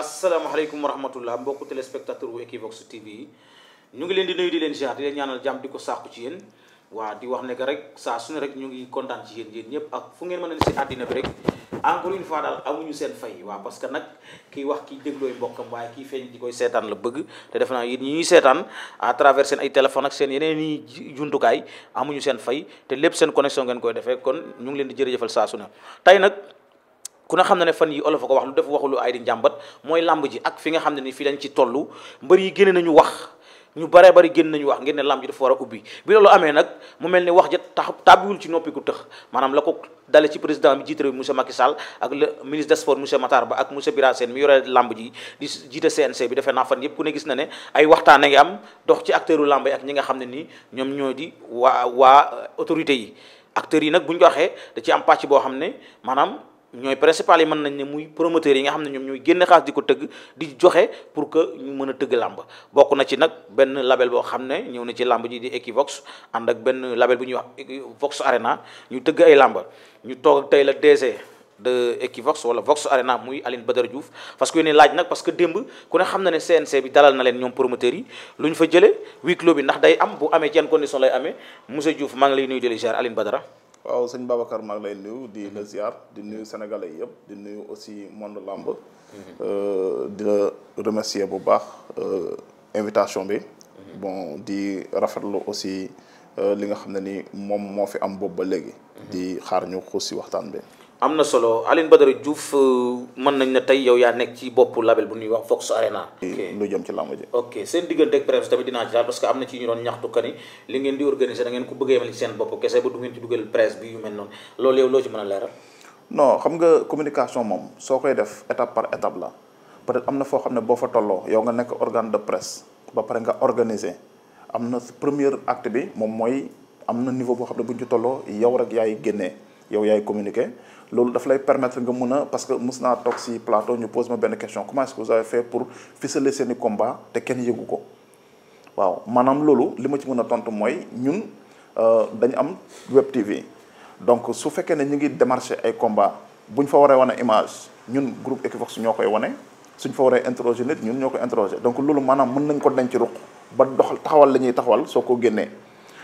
asalaamaaleykum wa rahmatullah mbokku téléspectateur bu Equivox TV yi ñu ngi leen di nuyu di leen ziar di leen ñaanal jàmm di ko sàkku ci yéen waa di wax ne que rek saa su rek ñu ngi kontaan ci yéen yéen ñëpp ak fu ngeen mën a ne si àddina bi rek encore une fois daal amuñu seen fay waa parce que nag kii wax kii déglooy mbokkam waaye ki feeñ di koy seetaan la bëgg te defe naa yéen ñi ñuy seetaan à travers seen ay téléphone ak seen yeneen yi juntukaay amuñu seen fay te lépp seen connexion ngeen koy defee kon ñu ngi leen di jërëjëfal saa su ne tey nag ku na xam ne ne fan yi olof a ko wax lu def waxulu ay di njàmbat mooy làmb ji ak fi nga xam ne ni fii lañ ci toll mbër yi génne nañu wax ñu bare bari génn nañu wax ngir ne làmb ji dafa war a ubbi bi loolu amee nag mu mel ni wax ja tax tàbbiwul ci noppi ku tëx maanaam la ko dale ci président bi jiite réew monsieur Macky Sall ak le ministre des sports monsieur Matar Ba ak monsieur Bira Sène mi yore làmb ji di jiite CNC bi defe naa fan yëpp ku ne gis na ne ay waxtaan a ngi am dox ci acteuru làmb ak ñi nga xam ne nii ñoom ñoo di waa waa autorités yi acteurs yi nag bu ñu ko waxee ci am pàcc boo xam ne maanaam ñooy principal yi mën nañ ne muy promoteurs yi nga xam ne ñoom ñooy génne xaalis di ko tëgg di joxe pour que ñu mën a tëgg làmb bokk na ci nag benn label boo xam ne ñëw na ci làmb ji di Equivox ànd ak benn label bu ñuy wax Vox Arena ñu tëgg ay làmbar ñu toog ak tey la DG de Equivox wala Vox Arena muy Aline Badara juuf parce que yéen laaj nag parce que démb ku ne xam na ne CNC bi dalal na leen ñoom promoteurs yi lu ñu fa jële huis clos bi ndax day am bu amee ci yan condition lay amee monsieur Diouf maa ngi lay nuyu di la ziar Aline Badara waaw sëñ Babacar maa ngi lay nuyu di la mhm. ziar di nuyu sénégalais yëpp di nuyu aussi monde lamb mhm. euh, di la remercier bu baax euh, invitation bi mhm. bon di rafetlu aussi euh, li nga xam ne ni moom moo fi am boobu ba léegi di xaar ñu xuus si waxtaan bi am na solo Alioune Badara Diouf euh, mën nañ ne tey yow yaa nekk ci bopp label bu ñuy wax Vox Arena. lu jëm ci làmb ji. ok seen diggante ak presse tamit dinaa ci daal parce que am na ci ñu doon ñaxtu que ni li ngeen di organiser da ngeen ko bëggee yemale ci seen bopp kese ba du ngeen ci dugal presse bi yu mel noonu loolu yow loo ci mën a leeral. non xam nga communication moom soo koy def étape par étap la peut-être am na foo xam ne boo fa tolloo yow nga nekk organe de presse ba pare nga organiser am na premier acte bi moom mooy am na niveau boo xam ne bu ñu ci tolloo yow rek génnee. yow yaay communiqué loolu daf lay permettre nga mun a parce que mus naa toog si plateau ñu pose ma benn question comment est-ce que vous avez seen i te kenn yëgu ko waaw maanaam loolu li ma ci mën a tontu mooy ñun euh, dañu am web TV donc su fekkee ne ñu ngi démarché ay combat bu ñu fa waree wane image ñun groupe Equivox ñoo koy wane suñ fa waree interroger nit ñun ñoo koy interroger donc loolu maanaam mën nañ ko denc ruq ba doxal taxawal la ñuy taxawal soo ko génnee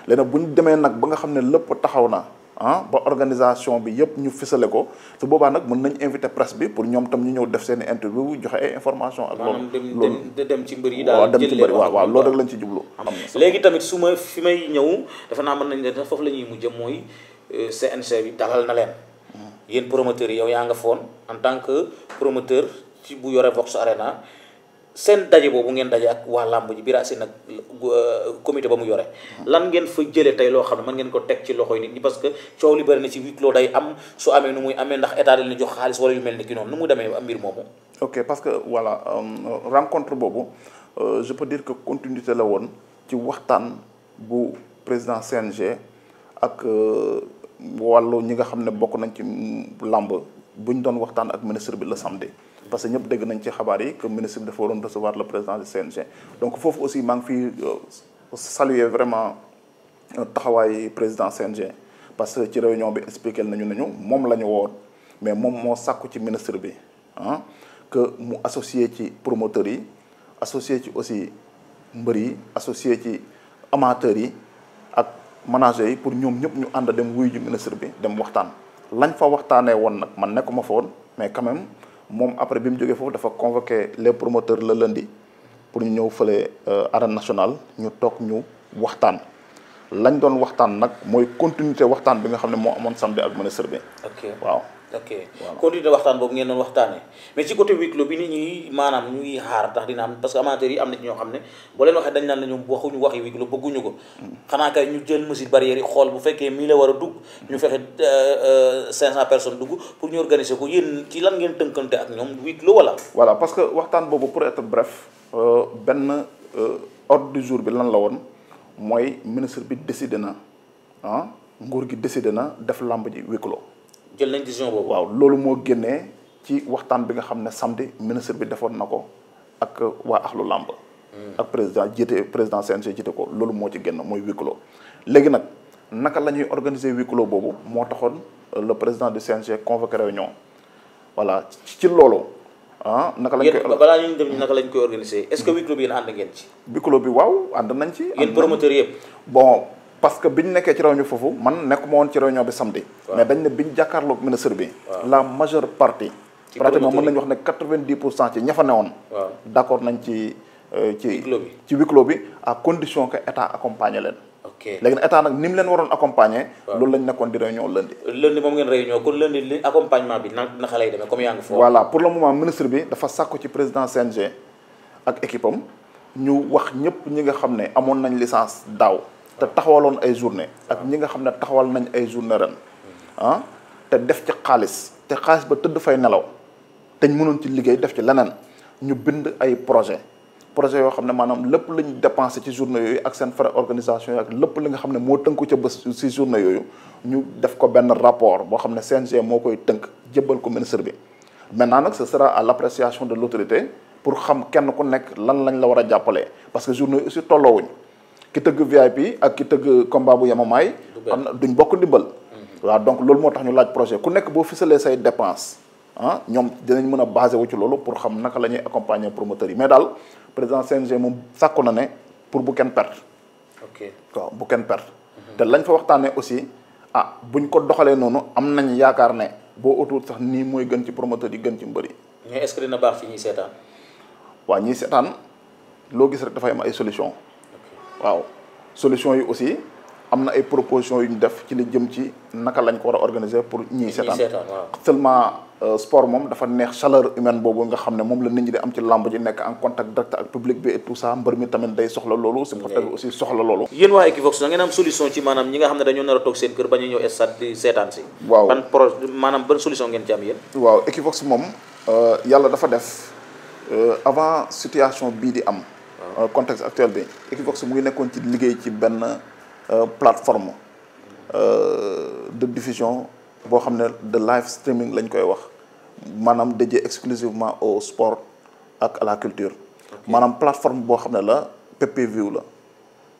léegi nag bu ñu demee nag ba nga xam ne lépp taxaw na ah ba organisation bi yëpp ñu fisale ko su boobaa nag mën nañ invité presse bi pour ñoom tam ñu ñëw def seen i interview joxe ay information ak loolu dem ci mbër yi daal dem ci mbër waaw waaw loolu rek lañ ci jublu léegi tamit su ma fi may ñëw dafa naa mën nañ ne foofu la ñuy mujjëm mooy euh, CNG bi dalal na leen hmm. yéen promoteurs yi yow yaa nga foon en tant que promoteur ci bu yore Vox Arena seen daje boobu ngeen daje ak waa làmb ji biir asin nag euh, comité ba mu yore lan ngeen fa jëlee tey loo xam ne mën ngeen ko teg ci loxo yi nit ñi parce que coow li bëri na ci huis clos day am su amee nu muy amee ndax état dañ la jox xaalis wala yu mel ni ki noonu nu mu demee mbir moomu. ok parce que voilà euh, rencontre boobu euh, je dire que continuité la woon ci waxtaan bu président CNG ak euh, wàllu ñi nga xam ne bokk nañ ci làmb bu ñu doon waxtaan ak ministre bi le samedi. parce que ñëpp dégg nañ ci xabaar yi que ministre bi dafa waroon recevoir le président CNG donc foofu aussi maa ngi fi euh, saluer vraiment euh, taxawaay président CNG parce que ci réunion bi expliquer nañu nañu moom la ñu woor mais moom moo sàkku ci ministre bi ah que mu associer ci promoteurs yi associé ci aussi mbër yi associer ci amateurs yi ak managers yi pour ñoom ñëpp ñu ànd dem wuyu ji ministre bi dem waxtaan lañ fa waxtaanee woon nag man nekkuma fa woon mais quand moom après bi mu jógee foofu dafa convoqué les promoteurs la lundi pour ñu ñëw fale euh, arène national ñu toog ñu waxtaan lañ doon waxtaan nag mooy continuité waxtaan bi nga xam ne moo amoon samedi ak ministre bi. ok waaw. ok continué de waxtaan boobu ngeen doon waxtaanee mais ci côté huis bi nit ñi maanaam ñuy xaar ndax dina am parce que amateurs yi am na ñoo xam ne boo leen waxee dañ naan la ñoom waxuñu wax huis clos bëgguñu ko mm. xanaa kay ñu jël mesure barrière yi xool bu fekkee mii la war a dugg mm. ñu fexe euh, euh, cinq cent personnes dugg pour ñu organiser ko yéen ci lan ngeen tënkante ak ñoom huis clos wala voilà parce que waxtaan boobu pour être bref euh, benn ordre du jours bi lan la woon mooy ministre bi décidé na ah nguur gi décidé na def làmb ji huis clos jël nañ décision boobu. waaw loolu moo génnee ci waxtaan bi nga xam ne samedi ministre bi defoon na ko ak waa axlu làmb hmm. ak président jiite président CNG jiite ko loolu moo ci génn mooy huis clos léegi nag naka la ñuy organiser huis boobu moo taxoon euh, le président du CNG convoqué réunion voilà ci loolu. ah naka lañ koy balaa ñuy dem lañ koy organiser est-ce que hmm. huis clos bi yéen ànd ngeen ci. bi waaw ànd nañ ci. yéen promoteurs yëpp. bon parce que bi ñu nekkee ci réunion foofu man nekkuma woon ci réunion bi samedi. mais dañ ne bi ñu jàkkaarloog ministre bi. la majeure partie. pratiquement mën nañu wax ne pour cent ci ña fa newoon. waaw d' accord nañ ci euh, ci. ci huis clos bi à condition que état accompagner leen. ok léegi état nag ni mu leen waroon accompagner. loolu lañ nekkoon di réunion lundi. lundi moom ngeen réunion kon lundi li accompagnement bi nan naka lay demee comme yaa ngi foofu. voilà pour le moment ministre bi dafa ak équipe ñu wax ñëpp ñi nga xam ne amoon nañ licence daaw. te taxawaloon ay journée ak ñi nga xam ne taxawal nañ ay journée ren ah te def ci xaalis te xaalis ba tëdd fay nelaw te ñu mënoon ci liggéey def ci leneen ñu bind ay projet projet yoo xam ne maanaam lépp la ñu dépensé ci journée yooyu ak seen frais organisation yi ak lépp li nga xam ne moo tënku ca bés si journée yooyu ñu def ko benn rapport boo xam ne CNG moo koy tënk jébbal ko ministre bi maintenant nag ce sera à l' de l' autorité pour xam kenn ku nekk lan lañ la war a jàppalee parce que journée yi aussi ki tëgg VIP ak ki tëgg combat bu yamamaay am na duñ bokk ndimbal mhm. waaw donc loolu moo tax ñu laaj projet ku nekk boo fisalee say dépense ah ñoom dinañ mën a basé wu ci loolu pour xam naka la ñuy accompagner promoteurs yi mais daal président CNG moom sàkku na ne pour bu kenn perte ok waaw bu kenn perte mhm. te lañ fa waxtaanee aussi ah buñ ko doxalee noonu am nañ yaakaar ne boo autour sax nii mooy gën ci promoteur yi gën ci mbëri mais est-ce que dina baax ci ñiy seetaan waaw ñiy seetaan loo gis rek ay solution waaw solution yi aussi am na ay proposition yu ñu def ci li jëm ci naka lañ ko war a organiser pour ñii seetaan seulement euh, sport moom dafa neex chaleur humaine boobu nga xam ne moom la nit ñi di am ci làmb ji nekk en contact direct ak public bi et tout ça mbër mi tamit day soxla loolu supporter bi aussi soxla loolu yéen waa Equivox da ngeen am solution ci maanaam ñi nga xam ne dañoo nar a toog seen kër ba ñu ñëw stade seetaan si waaw ban pro maanaam ban solution ngeen ci am yéen waaw euh, dafa def euh, avant situation bii di am Euh, contexte actuel bi Equivox mu ngi nekkoon ci liggéey ci benn euh, plateforme euh, de diffusion boo xam ne de live streaming lañ koy wax maanaam dédié exclusivement au sport ak à culture maanaam plateforme boo xam ne la PPV la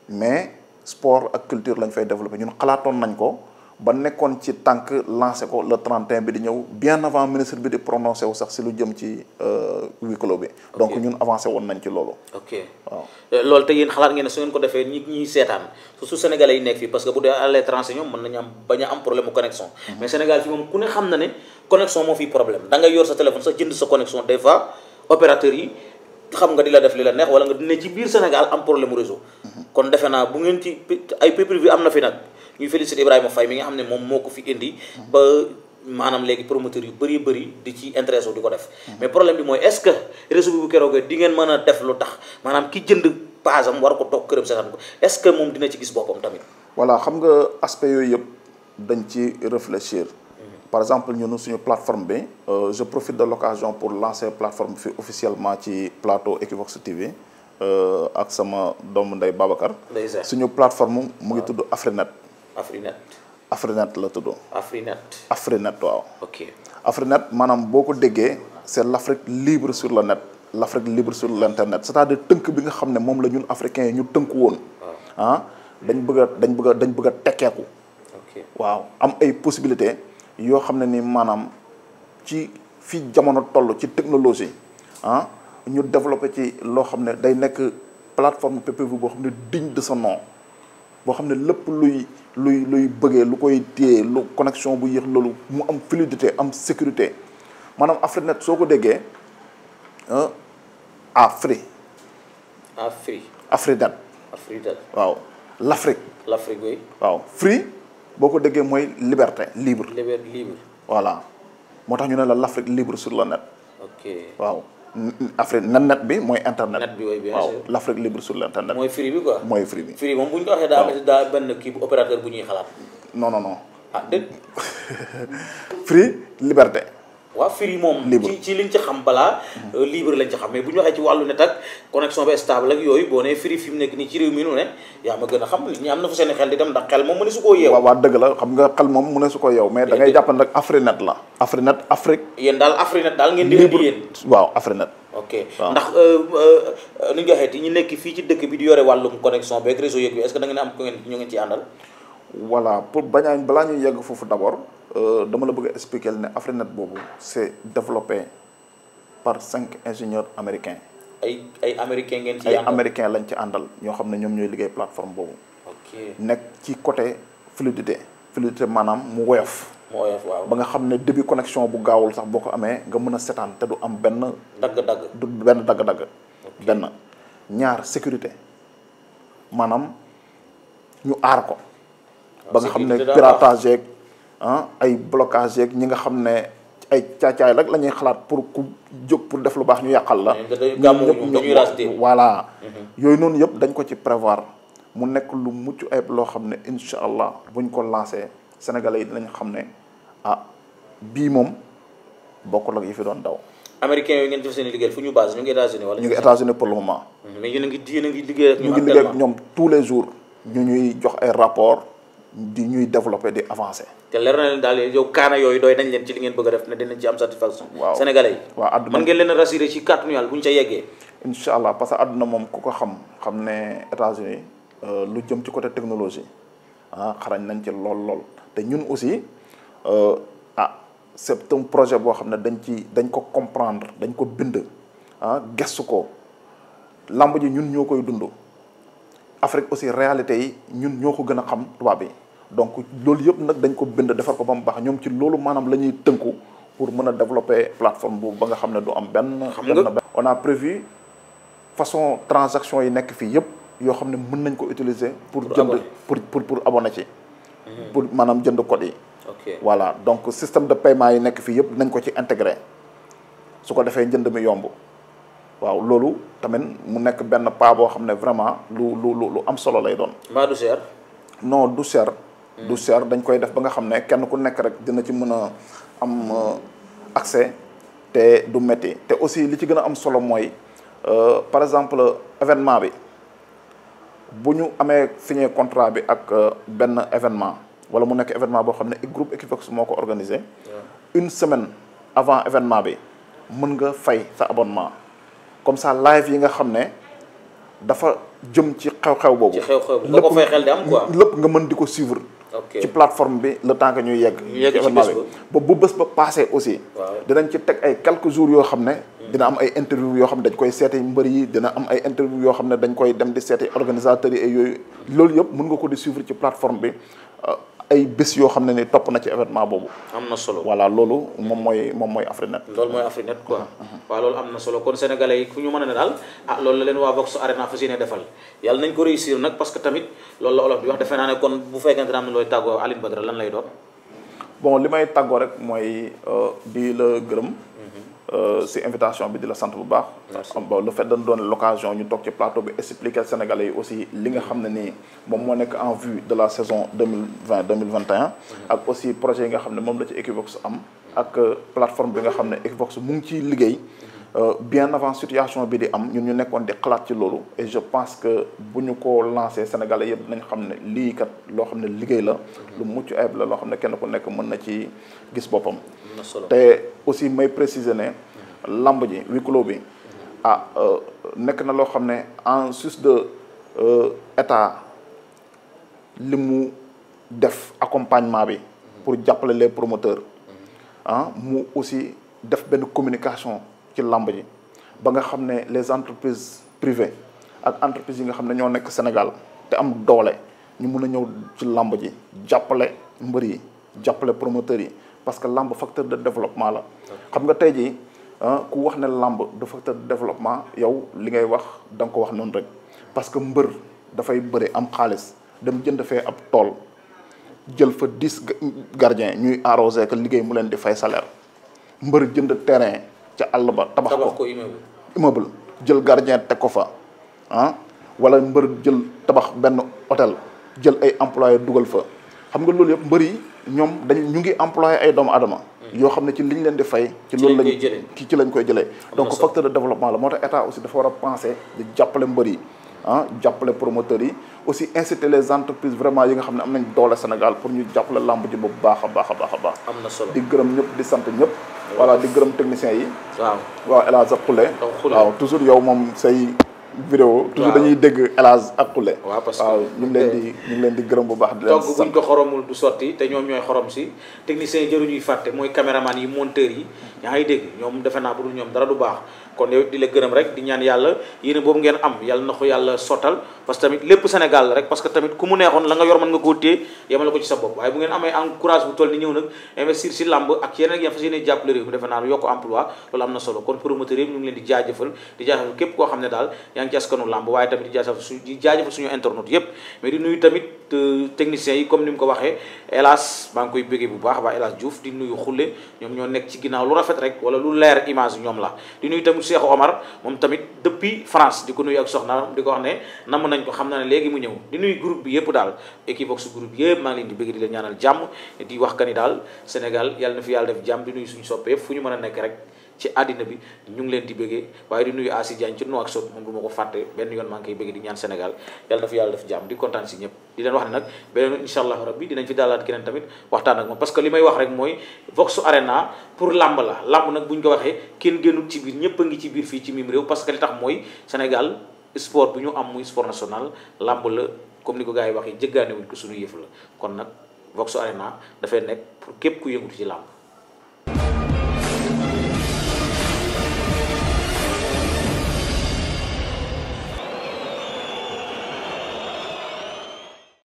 mais sport ak culture lañ fay développé ñun xalaatoon nañ ko ba nekkoon ci tànk lancé ko le 31 bi di ñëw bien avant ministre bi di prononcé wu sax si lu jëm ci euh, huis clos bi. donc ñun avancé woon nañ ci loolu. ok waaw euh, loolu te yéen xalaat ngeen ne su ngeen ko defee ñi ñuy seetaan su Sénégalais yi nekk fii parce que bu dee à l'étranger ñoom mën nañu am bañ a am problème mu mhm. mais Sénégal fi moom ku ne xam na ne connexion moo fi problème da yor sa téléphone sax jënd sa connexion des fois opérateur yi xam la def li la wala nga dina ci biir Sénégal am problème mu kon defe naa bu ngeen ci ay pay bi am na fi nag ñuy féliciter Ibrahima Faye mi nga xam ne moom moo ko fi indi ba maanaam léegi promoteur yu bëri bëri di ci intéressé di ko def mais problème bi mooy est-ce que réseau bi bu keroogee di ngeen mën a def lu tax maanaam ki jënd paasam war ko toog këram seetaan ko est-ce que moom dina ci gis boppam tamit voilà xam nga aspect yooyu yëpp dañ ci réfléchir mhm. par exemple ñun suñu plateforme bi euh, je profite de l'occasion pour lancer plateforme fi officiellement ci plateau Equivox TV Euh, ak sama doomu ndey Babacar. suñu plateforme mu ngi tudd Afrinet. Afrinet. Afrinet la tudd. Afrinet. Afrinet waaw. ok Afrinet maanaam boo ko déggee c'est l'Afrique libre sur le net l'Afrique libre sur l'internet c'est-à-dire tënk bi nga xam ne moom la ñun africains yi ñu tënk woon. ah dañ bëgg a dañ bëgg a dañ bëgg a tekkeeku. waaw am ay possibilité yoo xam ne ni maanaam ci fi jamono toll ci technologie ah. ñu développé ci loo xam ne day nekk plateforme PPV boo xam ne diñ de son nom boo xam ne lépp luy luy luy bëggee lu koy téye lu connexion bu yéex loolu mu am fluidité am sécurité maanaam Afrinet soo ko déggee Afri. Afri. Afrinet. Afrinet waaw l' Afrique. Afrique boo ko déggee mooy liberté libre. libre voilà moo tax ñu ne la l' libre sur le net. waaw. Afrique nan net bi mooy internet. net bi oui bien sûr waaw l' Afrique libre sur l' internet. mooy free bi quoi mooy free bi. free moom bu ñu ko waxee daa daa benn kii opérateur bu ñuy xalaat. non non non. Ah, free liberté. waaw Free moom. ci ci liñ ci xam balaa. Mm. Euh, libre lañ ci xam mais bu ñu waxee ci wàllu net ak connexion bi stable ak yooyu boo nee Free fi mu nekk nii ci réew mi ne yaa ma gën a xam nit ñi am na fa seen xel di dem ndax xel moom mu ne su ko yeew mais da ngay jàpp nag Afrinet la. Afrinet Afrique. yéen daal Afrinet daal ngeen di. libre yéen waaw Afrinet. ok ndax euh, euh, nu ñu fii ci dëkk bi di yore wàllum connexion beeg réseau yeeg bi est-ce que da ngeen am ci àndal. voilà pour bañ a balaa ñuy yegg foofu d'abord Euh, dama la bëgg a expliquer ne Afrinet boobu c'est développé par cinq ingénieurs américains. ay ay américains ngeen ay américains lañ ci àndal ñoo xam ne ñoom ñooy liggéey plateforme boobu. ok nekk ci côté fluidité. fluidité maanaam mu woyof. mu woyof waaw ba nga xam ne début connexion bu gaawul sax boo ko amee nga mën a setaan te du am benn. dagg-dagg benn dagg-dagg. ñaar sécurité maanaam ñu aar ko. ba nga xam ne piratage ah ay blocage yeeg ñi nga xam ne ay caacaay rek la ñuy xalaat pour ku jóg pour def lu baax ñu yàqal la. ñëpp voilà. Mhm. yooyu noonu yëpp dañ ko ci prévoir mu nekk lu mucc ayib loo xam ne incha allah buñ ko lancé sénégalais yi dinañ xam ne ah bii moom bokkul ak yi fi doon daw. américains yi ngeen ñu base ñu ngi wala. ñu ngi États-Unis pour le moment. Mhm. mais yéen a ngi yéen liggéey ñoom. ñu ñoom tous les jours ñu ñuy jox ay rapport di ñuy développer di avancer. te leer na leen daal yow kaana yooyu dooy nañ leen ci li ngeen bëgg a def ne dinañ ci am satisfaction. waaw sénégalais yi. waaw àdduna a rassurer ci kàttanu yàlla bu ñu ca yeggee. incha allah parce que àdduna moom ko ko xam xam ne États-Unis euh, lu jëm ci côté technologie ah xarañ nañ ci lool lool te ñun aussi euh, ah c'est un projet boo xam ne dañ ci dañ ko comprendre dañ ko bind ah gëstu ko lamb ji ñun ñoo koy dund Afrique aussi réalité yi ñun ñoo ko gën a xam tubaab yi. donc loolu yëpp nag dañ ko bind defar ko ba mu baax ñoom ci loolu maanaam la ñuy tënku pour mën a développer plateforme boobu ba nga xam ne du am benn. xam nga on a prévu façon transaction yi nekk fii yëpp yoo xam ne mën nañ ko utiliser. pour jënd pour pour pour abonné ci. Mhm. pour maanaam jënd code yi. voilà donc système de paiement yi nekk fii yëpp nañ ko ci intégré su ko defee njënd mi yomb. waaw loolu tamit mu nekk benn pas boo xam ne vraiment lu lu lu am solo lay doon. mbaa du non du cher. du cher dañ koy def ba nga xam ne kenn ku nekk rek dina ci mën a am euh, accès te du métti te aussi li ci gën a am solo mooy euh, par exemple événement bi bu ñu amee signé contrat bi ak euh, benn événement wala mu nekk événement boo xam ne groupe Equivox moo ko organisé une semaine avant événement bi mën nga fay sa abonnement comme ça live yi nga xam ne dafa jëm ci xew-xew boobu. ci xew lépp nga mën di ko suivre. ci plateforme bi le temps que ñuy yegg événement bi ba bu bés ba passé aussi dinañ ci teg ay quelques jours yoo xam ne hmm. dina am ay interview yoo xam ne dañ koy seeti mbër yi dina am ay interview yoo xam ne dañ koy dem di seeti organisateurs yi yooyu loolu yëpp mun nga ko di suivre ci plateforme bi euh, ay bés yoo xam ne ni topp na ci événement boobu. am na solo voilà loolu moom mooy moom mooy Afrinet. loolu mooy Afrinet quoi. Mm-hmm. Mm-hmm. waaw loolu am na solo kon sénégalais yi fu ñu mën a ne daal ah loolu la leen waa Vox Arena fas yéene defal yàlla nañ ko réussir nag parce que tamit loolu la olof bi wax ne kon bu fekkente ne am na looy tàggoo Alioune Badara lan lay doon. bon li may tàggoo rek mooy bii euh, la gërëm. Mm-hmm. Euh, si invitation bi di la sant bu baax. bon le fait doon l'occasion ñu toog ci plateau bi expliquer Sénégalais yi aussi li nga xam ne nii moom moo nekk en vue de la saison deux mille vingt deux mille vingt et un mhm. ak aussi projet yi nga xam ne moom la ci Equivox am. ak euh, plateforme bi nga xam ne Equivox mu ngi ciy liggéey. Euh, bien avant situation bi di am ñun ñu nekkoon di xalaat ci loolu et je pense que bu ñu ko lancé Sénégalais yëpp nañ xam ne lii kat loo xam ne liggéey la lu mucc ayib la loo xam ne kenn ku nekk mën na ci gis boppam te aussi may préciser ne làmb ji huis clos bi ah euh, nekk na loo xam ne en sus de euh, état li mu def accompagnement bi pour jàppale les promoteurs mm-hmm. ah mu aussi def benn communication ci làmb ji ba nga xam ne les entreprises privées ak entreprises yi nga xam ne ñoo nekk Sénégal te am doole ñu mun a ñëw ci làmb ji jàppale mbër yi jàppale promoteurs yi parce que làmb facteur de développement la. xam nga tey jii ah, ku wax ne làmb du facteur de développement yow li ngay wax da ko wax noonu rek parce que mbër dafay bëri am xaalis dem jënd fee ab tool jël fa dix gardien ñuy arrosé que liggéey mu leen di fay salaire mbër jënd terrain. ca àll ba tabax ko immeuble jël gardien teg ko fa ah wala mbër jël tabax benn hôtel jël ay employé dugal fa xam nga loolu yëpp mbër yi ñoom dañ ñu ngi employé ay doomu adama hmm. yoo xam ne ci liñ leen di fay ci loolu lañ ki ci lañ koy jëlee donc facteur de développement la moo tax état aussi dafa war a penser di jàppale mbër yi ah jàppale promoteurs yi aussi inciter les entreprises vraiment yi nga xam ne am nañ doole Sénégal pour ñu jàppale làmb ji bu baax a baax baax a baax am na di gërëm ñëpp di sant ñëpp voilà di gërëm techniciens yi. waaw waaw El Hadj ak Khoule. waaw toujours yow moom say. vidéo toujours dañuy dégg El ak Khoule. waaw parce que waaw ñu ngi leen di ñu ngi leen di gërëm bu baax. di leen sant togg buñ ko xoromul du sotti te ñoom ñooy xorom si. techniciens yi jëruñuy fàtte mooy caméraman yi monteur yi. yaa ngi dégg ñoom defe naa bu ñoom dara du baax. kon yow di la gërëm rek di ñaan yàlla yéene boobu ngeen am yàlla na ko yàlla sottal parce que tamit lépp Sénégal la rek parce que tamit ku mu neexoon la nga yor mën nga koo téye yemale ko ci sa bopp waaye bu ngeen amee encourage bu toll ni ñëw nag investir di nuyu tamit euh, techniciens yi comme ni mu ko waxee hélas maa ngi koy bëggee bu baax baa hélas Diouf di nuyu xulle ñoom ñoo nekk ci ginnaaw lu rafet rek wala lu leer image ñoom la di nuyu tamit Cheikh Omar moom tamit depuis France di ko nuyu ak soxna di ko wax ne namm nañ ko xam na ne léegi mu ñëw di nuy groupe bi yëpp daal Equivox groupe yëpp maa ngi di bëgg di leen ñaanal jàmm di wax ka ni daal Sénégal yàlla na fi yàlla def jàmm di nuyu suñu soppee fu ñu mën a nekk rek ci àddina bi ñu ngi leen di bëggee waaye di nuyu Asi Diagne ci Nouakchott moom du ko fàtte benn yoon maa ngi koy bëggee di ñaan senegal yàlla dafa yàlla def jàmm di kontaan si ñëpp di leen wax ne nag beneen incha allah rabbi dinañ fi daalaat keneen tamit waxtaan ak moom parce li may wax rek mooy Vox Arena pour làmb la làmb nag buñ ko waxee kenn génnul ci biir ñëpp ngi ci biir fii ci mim réew parce que li tax mooy Sénégal sport bu ñu am muy sport national làmb la comme ni ko gars yi waxee jëggaane wuñ ko suñu yëf la kon nag Vox Arena dafay nekk pour képp ku yëngutu ci làmb